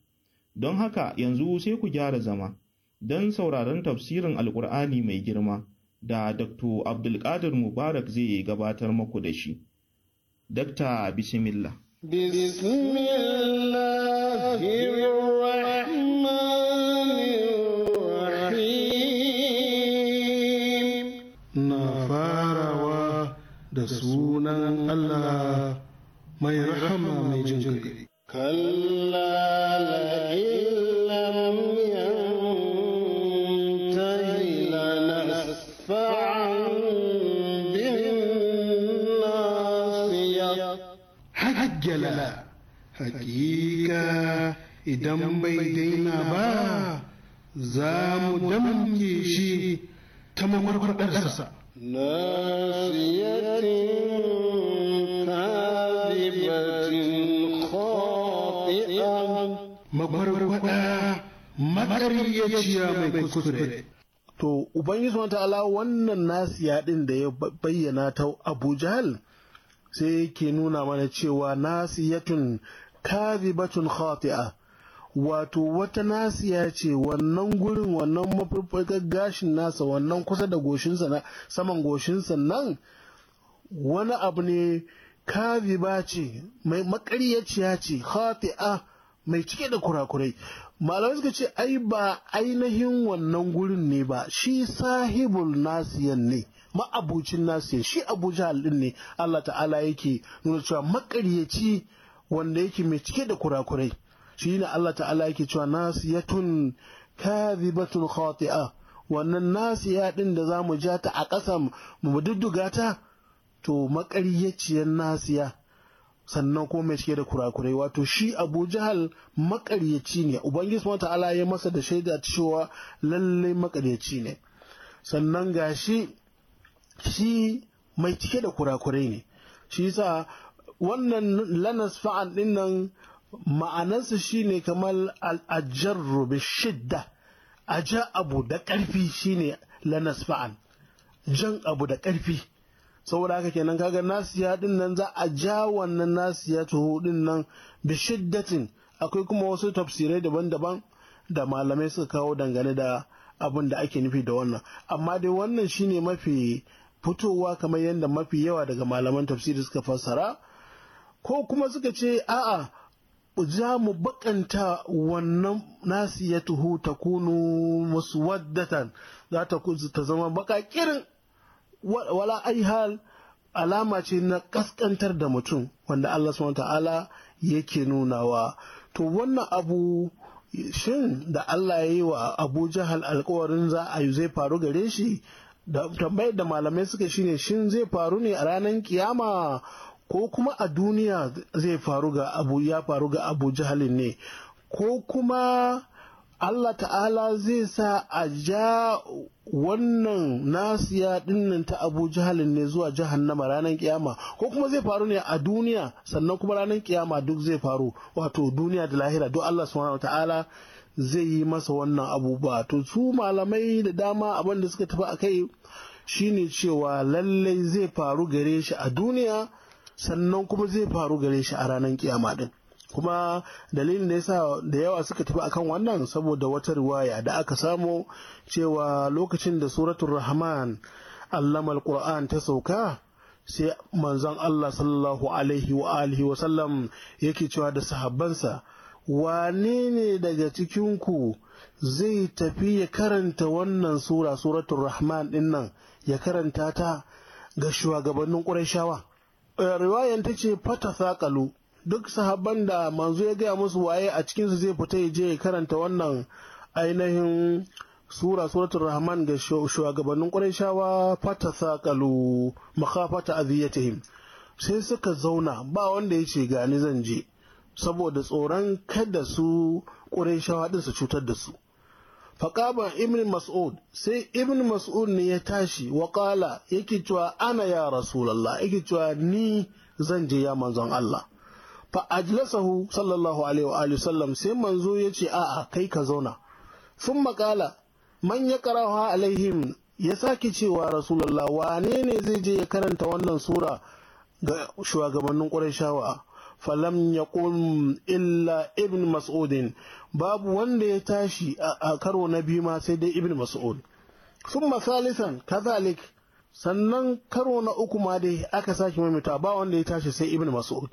Don haka yanzu sai ku gyara zama, don sauraron tafsirin alkur'ani mai girma da Dr. Abdulkadir Mubarak zai gabatar maku da shi. Dr Bismillah. Bismillah. ta'ala wannan nasiya ɗin da ya bayyana ta abu jahal sai yake nuna mana cewa nasiyatun batun khati'a wato wata nasiya ce wannan gurin wannan mafarfakar gashin nasa wannan kusa da goshinsa na saman goshinsa nan wani abu ne ba ce mai makaryaciya ce khati'a mai cike da kurakurai malamai suka ce ai ba ainihin wannan gurin ne ba shi sahibul nasiyan ne ma'abucin nasiyan shi abuja jahal ne Allah ta'ala yake nuna cewa makaryaci wanda yake mai cike da kurakurai shi ne Allah ta'ala yake cewa nasiyatun kadhibatun khati'a wannan nasiya din da za mu ja ta a ƙasa mu dudduga ta to makaryaciyar nasiya sannan kuma mai cike da kurakurai wato shi abu jahal makaryaci ne ubangiji wata ta'ala ya masa da shaida cewa lalle makaryaci ne sannan ga shi shi mai cike da kurakurai ne shi yasa wannan lanas fa'an dinnan ma'anarsa ne kamar al'ajarru bi shidda aja abu da ƙarfi shine lanas fa'an jan abu da ƙarfi saboda haka kenan kaga nasiya din nan za a ja wannan nasiya tuhu din nan bi shiddatin akwai kuma wasu tafsirai daban-daban da malamai suka kawo dangane da abin da ake nufi da wannan amma dai wannan shine mafi fitowa kamar yadda mafi yawa daga malaman tafsiri suka fassara ko kuma suka ce a'a za mu bakanta wannan ta kunu musu waddatan za ta zama baka kirin wala ai alama ce na kaskantar da mutum wanda Allah subhanahu ta'ala yake nunawa to wannan abu shin da Allah ya yi wa Abu Jahal alkawarin za a yi zai faru gare shi da tambayar da malamai suka shine shin zai faru ne a ranar kiyama ko kuma a duniya zai faru ga abu ya faru ga Abu Jahalin ne ko kuma Allah ta'ala zai sa a ja wannan nasiya dinnan ta abu jahalin ne zuwa jahannama ranar kiyama ko kuma zai faru ne a duniya sannan kuma ranar kiyama duk zai faru wato duniya da lahira duk Allah subhanahu ta'ala zai yi masa wannan abubuwa to su malamai da dama abin da suka tafi a kai shine cewa lallai zai faru gare shi a duniya sannan kuma zai faru gare shi a ranar kiyama din kuma dalilin da yasa da yawa suka tafi akan wannan saboda wata riwaya da aka samu cewa lokacin da suratul rahman allama alquran ta sauka sai manzon Allah sallallahu alaihi wa alihi wa sallam yake cewa da sahabbansa wane ne daga cikinku zai tafi ya karanta wannan sura suratul rahman dinnan ya karanta ta ga shugabannin ƙurashawa eh, riwayan ta ce fata saƙalu duk sahabban da manzo ya gaya musu waye a cikinsu zai fita ya je karanta wannan ainihin sura suratul rahman ga shugabannin ƙurayshawa fata saƙalu makafata aziyatihim sai suka zauna ba wanda ya ce gani zan je saboda tsoron kada su ƙurayshawa ɗin su cutar da su faƙaban ibn mas'ud sai ibn mas'ud ne ya tashi waƙala yake cewa ana ya rasulallah yake cewa ni zan je ya manzon Allah fa ajlasahu sallallahu alaihi wa alihi sallam sai manzo ya ce a'a kai ka zauna sun makala man ya karawa alaihim ya sake cewa rasulullah wane ne zai je ya karanta wannan sura ga shugabannin ƙurashawa falam ya illa ibn mas'udin babu wanda ya tashi a karo na biyu ma sai dai ibn mas'ud sun masalisan kazalik sannan karo na uku ma dai aka sake mamita ba wanda ya tashi sai ibn mas'ud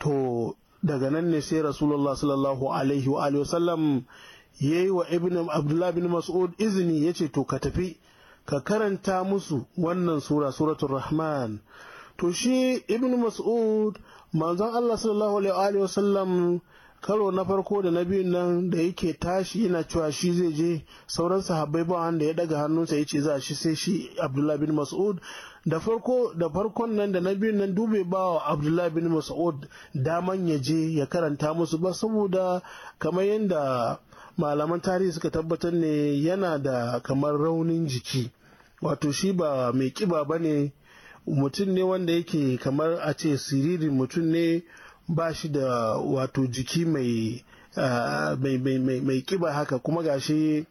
to daga nan ne sai rasulullah sallallahu alaihi wa wasallam ya yi wa ibn abdullah bin mas'ud izini ya ce to ka tafi ka karanta musu wannan sura suratul rahman to shi ibn mas'ud manzon allah sallallahu alaihi wa wasallam karo na farko da na biyun nan da yake tashi yana cewa shi zai je sauran sahabbai ba wanda ya daga hannunsa ya ce za shi sai shi abdullah bin mas'ud da farko da farkon nan da na biyun nan dube ba wa abdullahi bin mas'ud daman ya je ya karanta musu ba saboda kamar yadda malaman tarihi suka tabbatar ne yana da kamar raunin jiki wato shi ba mai kiba ba ne mutum ne wanda yake kamar a ce siririn mutum ne ba shi da wato jiki mai mai kiba haka kuma gashi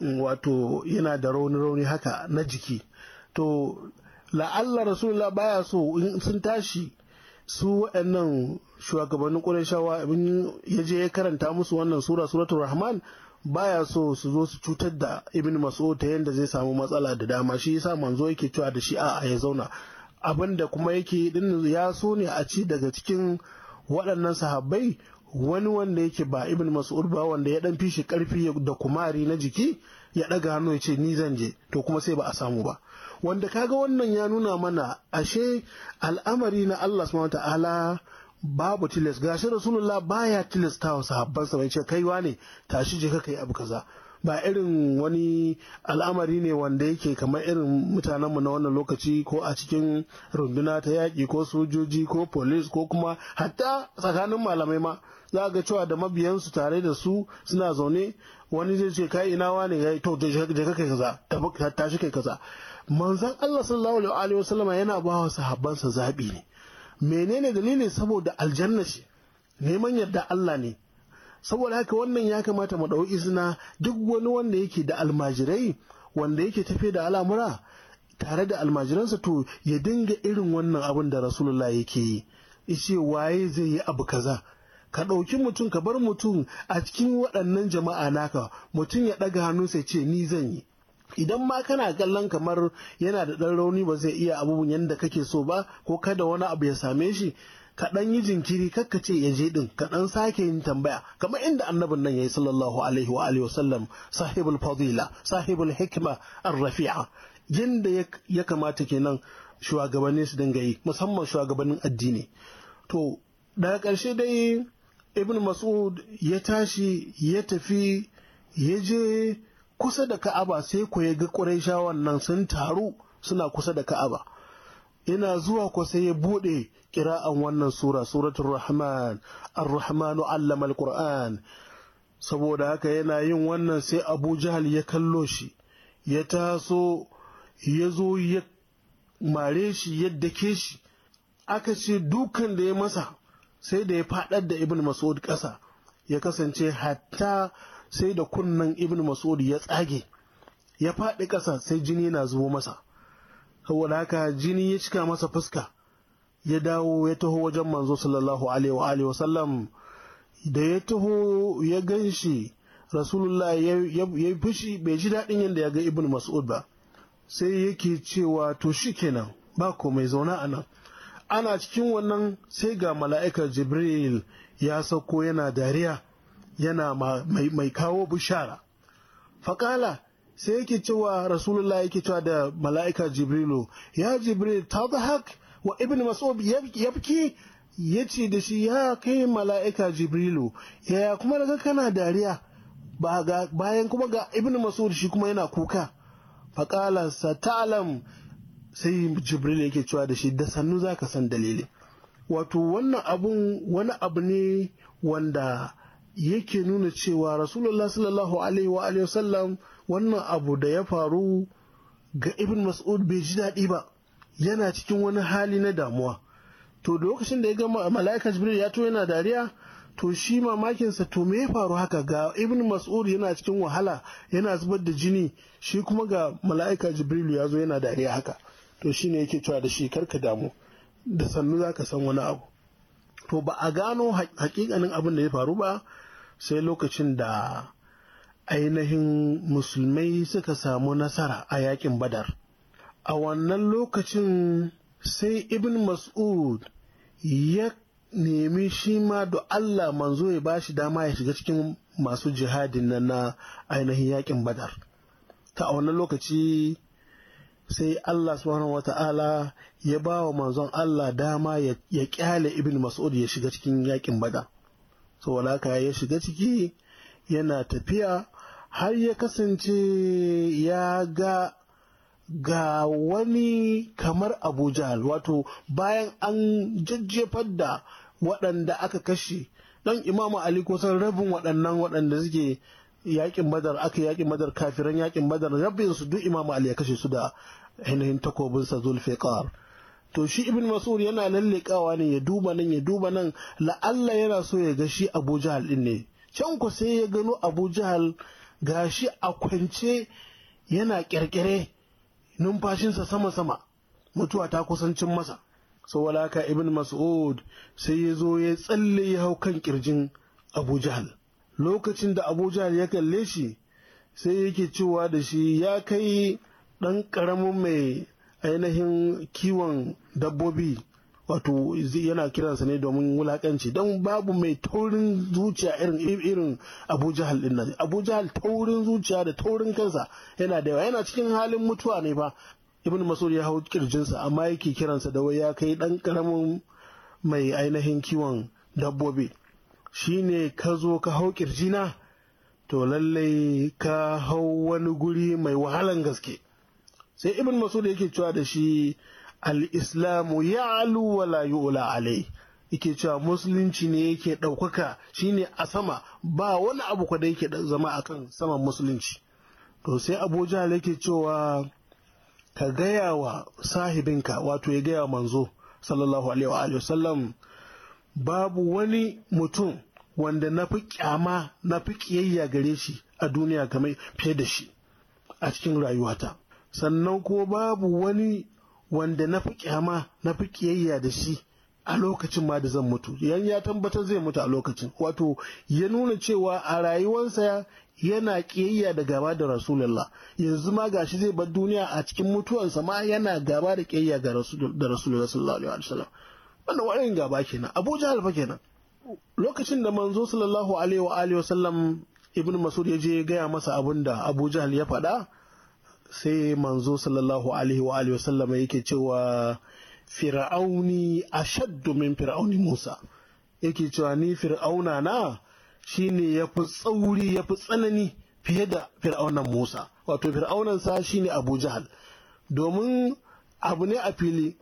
wato yana da rauni-rauni haka na jiki to la'alla rasulullah baya so in sun tashi su waɗannan shugabannin ƙurashawa abin ya je ya karanta musu wannan sura suratul rahman baya so su zo su cutar da ibn mas'ud ta yadda zai samu matsala da dama shi yasa manzo yake cewa da shi a ya zauna abin da kuma yake din ya so ne a ci daga cikin waɗannan sahabbai wani wanda yake ba ibn mas'ud ba wanda ya dan fi shi karfi da kumari na jiki ya ɗaga hannu ya ce ni zan je to kuma sai ba a samu ba wanda kaga wannan ya nuna mana ashe al'amari na Allah subhanahu ta'ala babu tilas gashi rasulullah baya tilasta wa sahabbansa bai ce kaiwa ne tashi je kai abu kaza ba irin wani al'amari ne wanda yake kamar irin mutanenmu na wannan lokaci ko a cikin runduna ta yaƙi ko sojoji ko polis ko kuma hatta tsakanin malamai ma za ga cewa da mabiyansu tare da su suna zaune wani zai ce kai ina wane ya yi to je kai kaza tashi kai kaza manzon Allah sallallahu alaihi wasallama yana ba wa sahabbansa zaɓi ne menene dalili saboda aljanna shi neman yadda Allah ne saboda haka wannan ya kamata mu ɗau izina duk wani wanda yake da almajirai wanda yake tafe da al'amura tare da almajiransa to ya dinga irin wannan abin da rasulullah yake yi ishe waye zai yi abu kaza ka ɗauki mutum ka bar mutum a cikin waɗannan jama'a naka mutum ya ɗaga hannunsa ce ni zan yi idan ma kana kallon kamar yana da ɗan rauni ba zai iya abubuwan yadda kake so ba ko kada wani abu ya same shi kaɗan yi jinkiri kakka ce ya je ɗin kaɗan sake yin tambaya kamar inda annabin nan ya yi sallallahu alaihi wa alihi wasallam sahibul fadila sahibul hikima arrafi'a rafia yadda ya kamata nan shugabanni su dinga yi musamman shugabannin addini to daga ƙarshe dai ibn mas'ud ya tashi ya tafi ya je kusa da ka'aba sai ku ya ga ƙurayshawan nan sun taru suna kusa da ka'aba ina zuwa ku sai ya buɗe ƙira'an wannan sura suratul rahman ar-rahmanu allama al saboda haka yana yin wannan sai abu jahal ya kallo shi ya taso ya zo ya mare shi yadda ke shi aka ce dukan da ya masa sai da ya faɗar da ibn mas'ud ƙasa ya kasance hatta sai da kunnen ibn mas'ud ya tsage ya faɗi ƙasa sai jini na zubo masa saboda haka jini ya cika masa fuska ya dawo ya taho wajen manzo sallallahu alaihi wa sallam da ya taho ya ganshi rasulullah ya yi fushi bai ji daɗin yadda ya ga ibn mas'ud ba sai yake cewa to shi kenan ba komai zauna a nan ana cikin wannan sai ga mala'ikar jibril ya sauko yana dariya yana mai kawo bishara faƙala sai yake cewa rasulullah yake cewa da mala'ika jibrilu ya jibril tadhak wa ibn mas'ud yabki ce da shi ya kai mala'ika jibrilu yaya kuma daga kana dariya bayan kuma ga ibn mas'ud shi kuma yana kuka faƙala sa sai jibril yake cewa da shi da sannu za ka san dalili wato wannan abun wani abu ne wanda yake nuna cewa rasulullah sallallahu alaihi wa sallam wannan abu da ya faru ga ibn mas'ud bai ji daɗi ba yana cikin wani hali na damuwa to da lokacin da ya ga mala'ika jibril ya to yana dariya to shi mamakinsa to me ya faru haka ga ibn mas'ud yana cikin wahala yana zubar da jini shi kuma ga mala'ika jibril ya zo yana dariya haka to shine yake cewa da shi karka damu da sannu zaka san wani abu to ba a gano hakikanin abin da ya faru ba sai lokacin da ainihin musulmai suka samu nasara a yakin badar a wannan lokacin sai ibn mas'ud ya nemi shi ma da Allah manzo ya bashi dama ya shiga cikin masu jihadin nan na ainihin yakin badar ta a wannan lokaci sai Allah subhanahu wata'ala ya ba wa manzon Allah dama ya kyale ibn mas'ud ya shiga cikin yakin badar wala haka ya shiga ciki yana tafiya har ya kasance ya ga ga wani kamar Abuja wato bayan an jajjefar da waɗanda aka kashe don imamu ali kusan rabin waɗannan waɗanda suke yakin badar aka yakin badar kafiran yakin badar rabin su duk imamu ali ya kashe su da ainihin takobinsa zulfiqar to shi ibn mas'ud yana lallekawa ne ya duba nan ya duba nan la'alla yana so ya ga shi abu jahal din ne can ku sai ya gano abu jahal gashi a kwance yana kirkire numfashinsa sama-sama mutuwa ta kusancin masa saboda haka ibn mas'ud sai ya zo ya tsalle ya hau kan kirjin abu jahal lokacin da abu jahal ya kalle shi sai yake cewa da shi ya kai ɗan ƙaramin mai ainihin kiwon dabbobi wato yana kiransa ne domin wulakanci don babu mai taurin zuciya irin irin abu jihal din nan abu jihal taurin zuciya da taurin kansa yana da yawa yana cikin halin mutuwa ne ba ibn masud ya hau kirjinsa amma yake kiransa da wai ya kai dan karamin mai ainihin kiwon dabbobi shine ka zo ka hau kirjina to lallai ka hau wani guri mai wahalan gaske sai ibn masud yake cewa da shi al-islamu ya'lu wa la yu'la alai yake cewa musulunci ne yake ɗaukaka shine a sama ba wani abu kwa yake zama akan saman musulunci to sai abu jahal yake cewa ka gaya wa sahibinka wato ya gaya manzo sallallahu alaihi wa wasallam babu wani mutum wanda na fi kyama na fi kiyayya gare shi a duniya kamar fiye da shi a cikin rayuwata sannan ko babu wani wanda na fi kyama na fi kiyayya da shi a lokacin ma da zan mutu yan ya tabbatar zai mutu a lokacin wato ya nuna cewa a rayuwarsa yana kiyayya da gaba da rasulullah yanzu ma gashi zai bar duniya a cikin mutuwarsa ma yana gaba da kiyayya da rasulullah sallallahu alaihi wasallam wannan wani gaba kenan abu jahal fa kenan lokacin da manzo sallallahu alaihi wa alihi wasallam ibnu masud ya je ya gaya masa abin da abu jahal ya faɗa sai manzo sallallahu alaihi wa alihi wasallam yake cewa fir'auni ashaddu min fir'auni Musa yake cewa ni fir'auna na shine yafi tsauri yafi tsanani fiye da fir'aunan Musa wato fir'aunan sa shine Abu Jahal domin abu ne a fili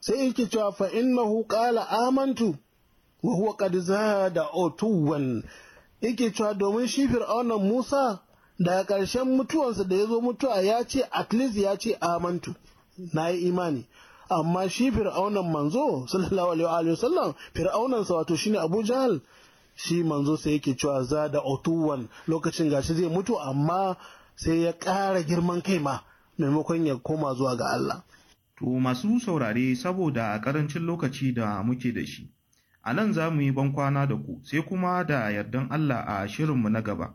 sai yake cewa fa innahu qala amantu wa huwa qad zada utuwan yake cewa domin shi fir'aunan Musa daga ƙarshen mutuwansa da ya zo mutuwa ya ce at least ya ce amantu na yi imani amma shi fir'aunan manzo sallallahu alaihi wa sallam fir'aunan sa wato shine Abu Jahal shi manzo sai yake cewa za da otuwan lokacin gashi zai mutu amma sai ya ƙara girman kai ma maimakon ya koma zuwa ga Allah to masu saurare saboda karancin lokaci da muke da shi a nan za mu yi bankwana da ku sai kuma da yardan Allah a shirinmu na gaba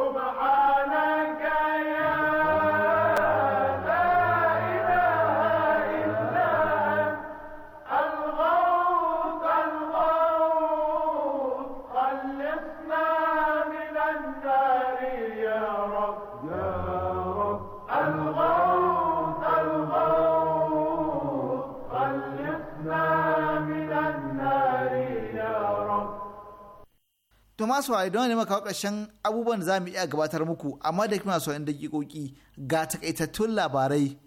masu a don neman kawo ƙarshen abubuwan da za mu iya gabatar muku amma da kuma sauran dakikoki ga takaitattun labarai.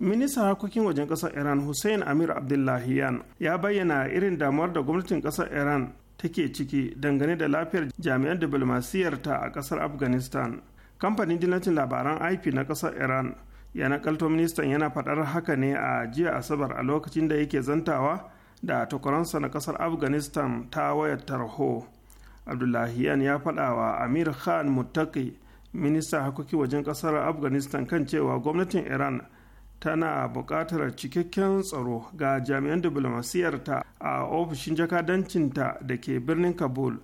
Ministan harkokin wajen ƙasar Iran Hussein Amir Abdullahiyan ya bayyana irin damuwar da gwamnatin ƙasar Iran take ciki dangane da lafiyar jami'an diplomasiyar ta a ƙasar Afghanistan. Kamfanin dillacin labaran IP na ƙasar Iran ya nakalto ministan yana faɗar haka ne a jiya Asabar a lokacin da yake zantawa da takwaransa na ƙasar Afghanistan ta wayar tarho. abdullahiyan ya faɗa wa amir khan muttaki minista harkokin wajen ƙasar afghanistan kan cewa gwamnatin iran tana buƙatar cikakken tsaro ga jami'an diplomasiyarta a ofishin jakadancinta da ke birnin kabul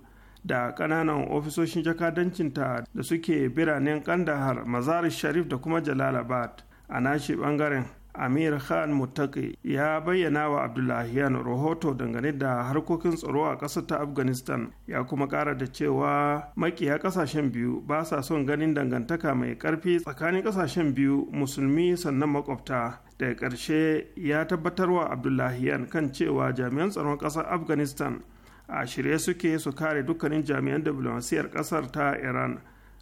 da ƙananan ofisoshin jakadancinta da suke biranen kandahar mazar sharif da kuma jalalabad a nashi ɓangaren amir khan mutaki ya bayyana wa abdullahi abdullahiyan rahoto dangane da harkokin tsaro a ƙasar ta afghanistan ya kuma ƙara da cewa makiya ƙasashen biyu ba sa son ganin dangantaka mai ƙarfi tsakanin ƙasashen biyu musulmi sannan makwabta daga ƙarshe ya tabbatar wa abdullahiyan kan cewa jami'an tsaron ƙasar afghanistan a shirye suke su kare dukkanin jami'an diplomasiyar ƙasar ta iran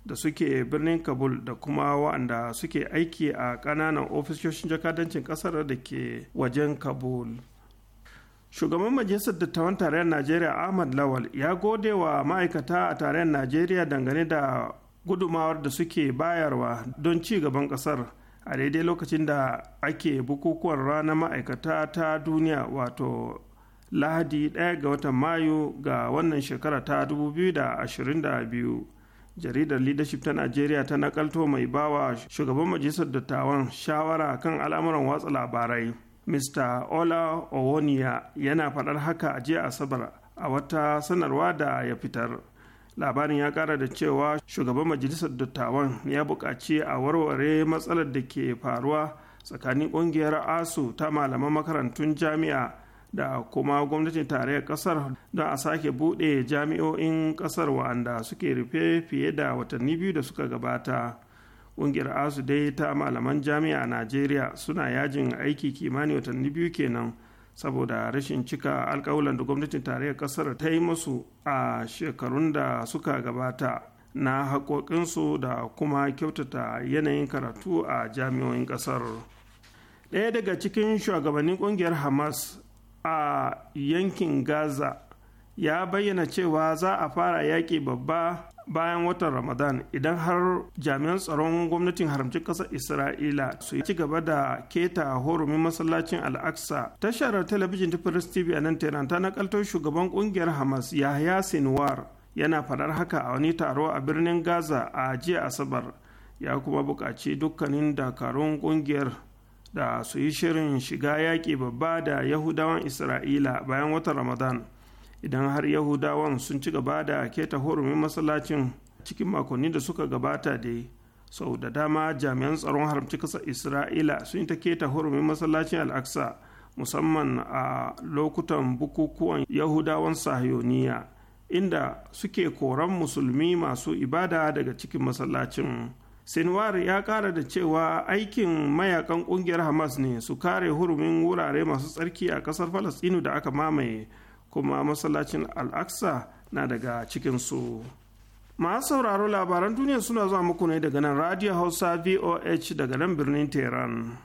da suke birnin kabul da kuma wa'anda suke aiki a ƙananan ofisoshin jakadancin ƙasar da ke wajen kabul shugaban majalisar dattawan tarayyar najeriya ahmad lawal ya gode wa ma'aikata a tarayyar najeriya dangane da gudumawar da suke bayarwa don ci gaban ƙasar a daidai lokacin da ake bukukuwan ranar ma'aikata ta duniya wato lahadi 1 ga watan mayu ga wannan shekara ta 2022 jaridar leadership ta najeriya ta nakalto mai bawa shugaban majalisar dattawan shawara kan al'amuran watsa labarai mr ola owoniya yana faɗar haka a jiya asabar a wata sanarwa da ya fitar labarin ya kara da cewa shugaban majalisar dattawan ya buƙaci a warware matsalar da ke faruwa tsakanin ƙungiyar asu ta malaman makarantun jami'a da kuma gwamnatin tarayyar kasar don a sake bude jami'o'in kasar wa'anda suke rufe fiye da watanni biyu da suka gabata ƙungiyar asu dai ta malaman jami'a a najeriya suna yajin aiki kimanin watanni biyu kenan saboda rashin cika alkawalan da gwamnatin tarayyar kasar ta yi musu a shekarun da suka gabata na haƙoƙinsu da kuma kyautata yanayin karatu a jami'o'in ƙasar ɗaya daga cikin shugabannin ƙungiyar hamas a yankin gaza ya bayyana cewa za a fara yaƙi babba bayan watan ramadan idan har jami'an tsaron gwamnatin haramcin ƙasar isra'ila su ci gaba da keta horumin masallacin al'aqsa tashar talabijin ta firis tv a nan tehran ta nakaltar shugaban ƙungiyar hamas yahya sinwar yana faɗar haka a wani taro a birnin gaza a jiya asabar ya kuma buƙaci dukkanin dakarun ƙungiyar da su yi shirin shiga yaƙi babba da yahudawan isra'ila bayan watan ramadan idan har yahudawan sun ci gaba da keta horumin masallacin cikin makonni da suka gabata dai sau da dama jami'an tsaron haramci kasar isra'ila sun ta keta hurumin masallacin al'aksa musamman a lokutan bukukuwan yahudawan sahiyoniya inda suke koran musulmi masu ibada daga cikin masallacin sinwar ya kara da cewa aikin mayakan kungiyar hamas ne su kare hurumin wurare masu tsarki a kasar falastinu da aka mamaye kuma masallacin al-aqsa na daga cikinsu masu sauraro labaran duniya suna zuwa muku ne daga nan radio hausa voh daga nan birnin tehran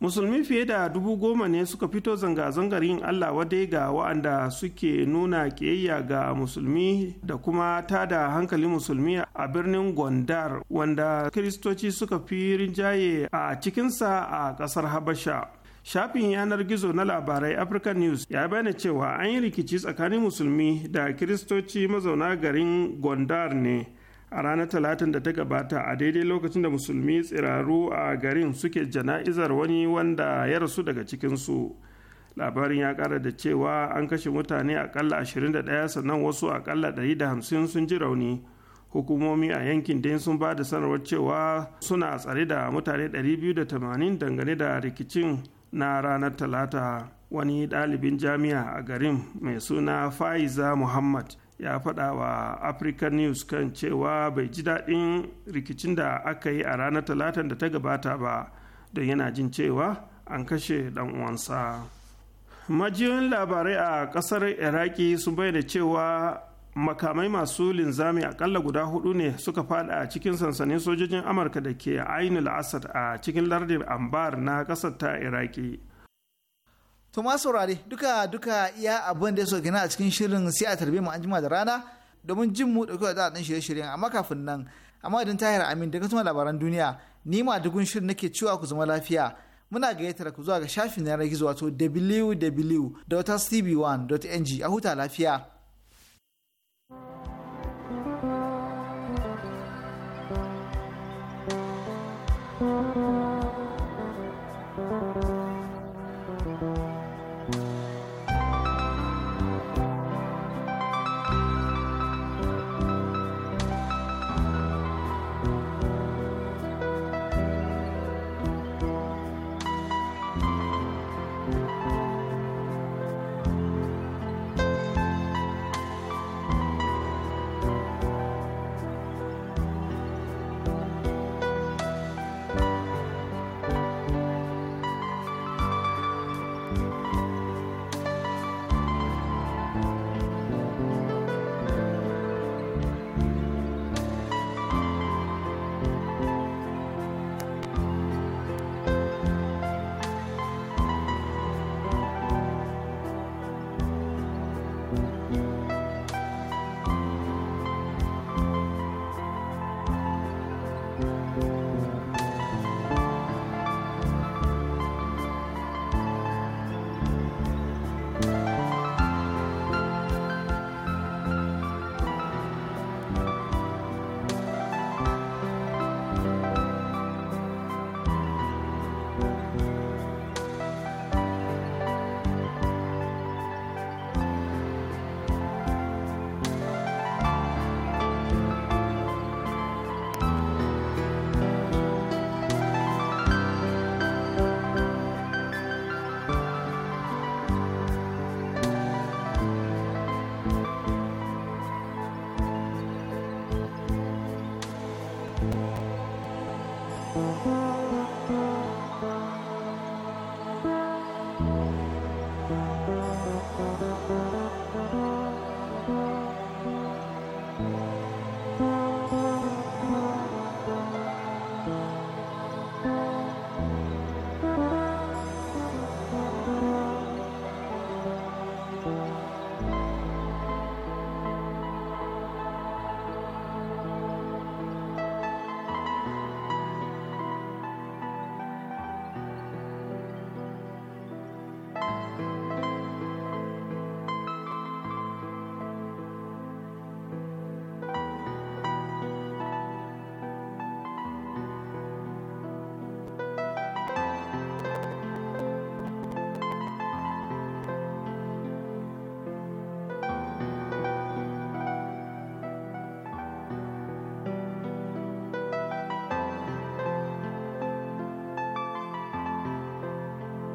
musulmi fiye da dubu goma ne suka fito zanga-zangar yin allah wadai ga wa'anda suke nuna ƙiyayya ga musulmi da kuma ta da hankalin musulmi a birnin gondar wanda kiristoci suka fi rinjaye a cikinsa a ƙasar habasha shafin yanar gizo na labarai african news ya bayyana cewa an yi rikici tsakanin musulmi da kiristoci mazauna garin gondar ne a ranar talatin da ta gabata a daidai lokacin da musulmi tsiraru a garin suke jana'izar wani wanda ya rasu daga cikinsu labarin ya kara da cewa an kashe mutane akalla 21 sannan wasu akalla 150 sun ji rauni hukumomi a yankin dai sun ba da sanarwar cewa suna tsare da mutane 280 dangane da rikicin na ranar talata wani ɗalibin jami'a a garin mai suna faiza muhammad ya faɗa wa african news kan cewa bai ji daɗin rikicin da aka yi a ranar talatin da ta gabata ba don yana jin cewa an kashe ɗan uwansa majiyoyin labarai a ƙasar iraki sun bayyana cewa makamai masu linzami akalla guda hudu ne suka fada a cikin sansanin sojojin amurka da ke ainul asad a cikin lardin ambar na ƙasar ta iraki To ma saurare duka duka iya abin da ya so gina a cikin shirin sai a tarbe mu anjima da rana domin jin mu dauke da dan shirye-shiryen amma kafin nan amma idan tahir amin daga tuma labaran duniya ni ma dukun shirin nake cewa ku zama lafiya muna gayyatar ku zuwa ga shafin yanar gizo wato www.tv1.ng a huta lafiya.